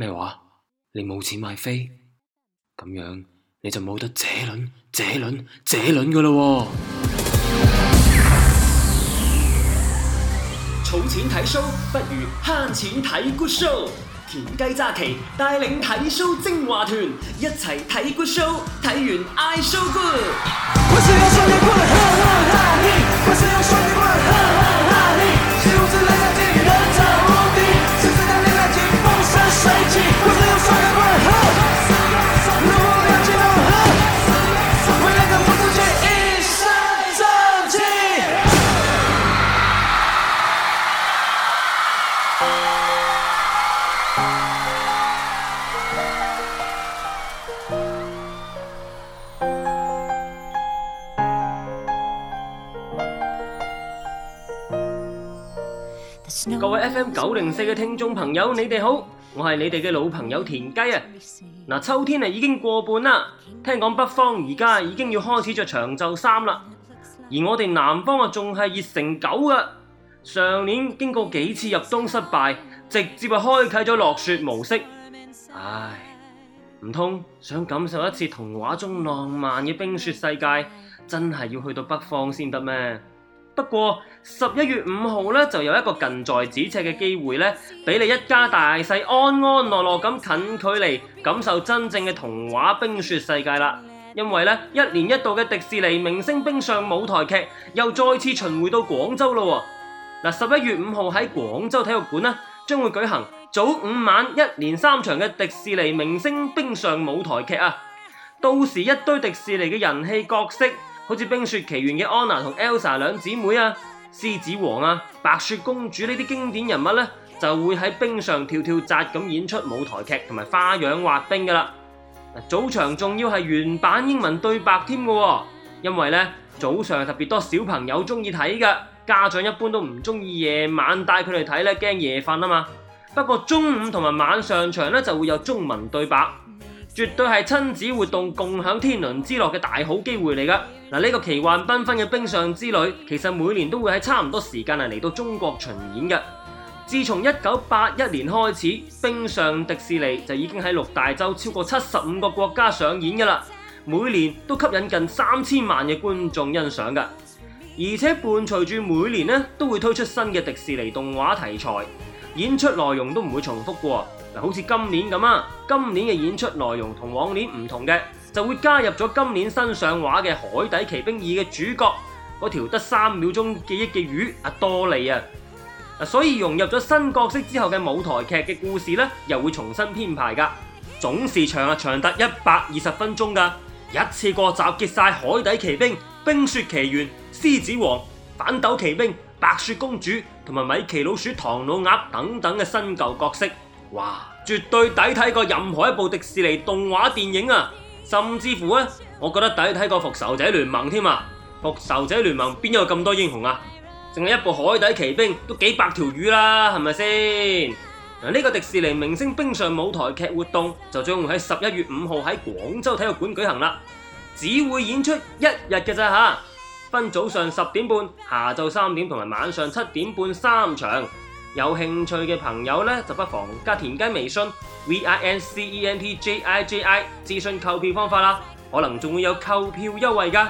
咩話？你冇錢買飛，咁樣你就冇得這輪、這輪、這輪噶啦！㖏，儲錢睇 show 不如慳錢睇 good show。田雞揸旗帶領睇 show 精華團，一齊睇 good show，睇完嗌 show good。我需要信任。各位 FM 九零四嘅聽眾朋友，你哋好，我係你哋嘅老朋友田雞啊！嗱，秋天啊已經過半啦，聽講北方而家已經要開始着長袖衫啦，而我哋南方啊仲係熱成狗啊。上年經過幾次入冬失敗，直接啊開啟咗落雪模式，唉，唔通想感受一次童話中浪漫嘅冰雪世界，真係要去到北方先得咩？不過十一月五號呢就有一個近在咫尺嘅機會呢，俾你一家大細安安樂樂咁近距離感受真正嘅童話冰雪世界啦！因為呢一年一度嘅迪士尼明星冰上舞台劇又再次巡迴到廣州啦！嗱，十一月五號喺廣州體育館呢將會舉行早午晚一連三場嘅迪士尼明星冰上舞台劇啊！到時一堆迪士尼嘅人氣角色。好似《冰雪奇緣》嘅 Anna 同 Elsa 兩姐妹啊，獅子王啊，白雪公主呢啲經典人物呢，就會喺冰上跳跳扎咁演出舞台劇同埋花樣滑冰㗎喇。早上仲要係原版英文對白添嘅，因為呢早上特別多小朋友鍾意睇嘅，家長一般都唔鍾意夜晚帶佢哋睇咧，驚夜瞓啊嘛。不過中午同埋晚上場咧就會有中文對白。絕對係親子活動、共享天倫之樂嘅大好機會嚟噶。嗱，呢個奇幻繽紛嘅冰上之旅，其實每年都會喺差唔多時間嚟到中國巡演嘅。自從一九八一年開始，冰上迪士尼就已經喺六大洲超過七十五個國家上演噶啦，每年都吸引近三千萬嘅觀眾欣賞噶，而且伴隨住每年呢都會推出新嘅迪士尼動畫題材。演出內容都唔會重複嘅，好似今年咁啊，今年嘅演出內容同往年唔同嘅，就會加入咗今年新上畫嘅《海底奇兵二》嘅主角嗰條得三秒鐘記憶嘅魚阿多利啊，所以融入咗新角色之後嘅舞台劇嘅故事呢，又會重新編排㗎，總時長啊長達一百二十分鐘㗎，一次過集結晒《海底奇兵》《冰雪奇緣》《獅子王》。反斗奇兵、白雪公主同埋米奇老鼠、唐老鴨等等嘅新舊角色，哇，絕對抵睇過任何一部迪士尼動畫電影啊！甚至乎咧，我覺得抵睇過復仇者聯盟添啊！復仇者聯盟邊有咁多英雄啊？淨係一部海底奇兵都幾百條魚啦，係咪先？嗱、啊，呢、這個迪士尼明星冰上舞台劇活動就將會喺十一月五號喺廣州體育館舉行啦，只會演出一日嘅咋吓。啊分早上十點半、下晝三點同埋晚上七點半三場，有興趣嘅朋友呢，就不妨加田雞微信 v i n c e n t j i j i 諮詢購票方法啦，可能仲會有購票優惠㗎。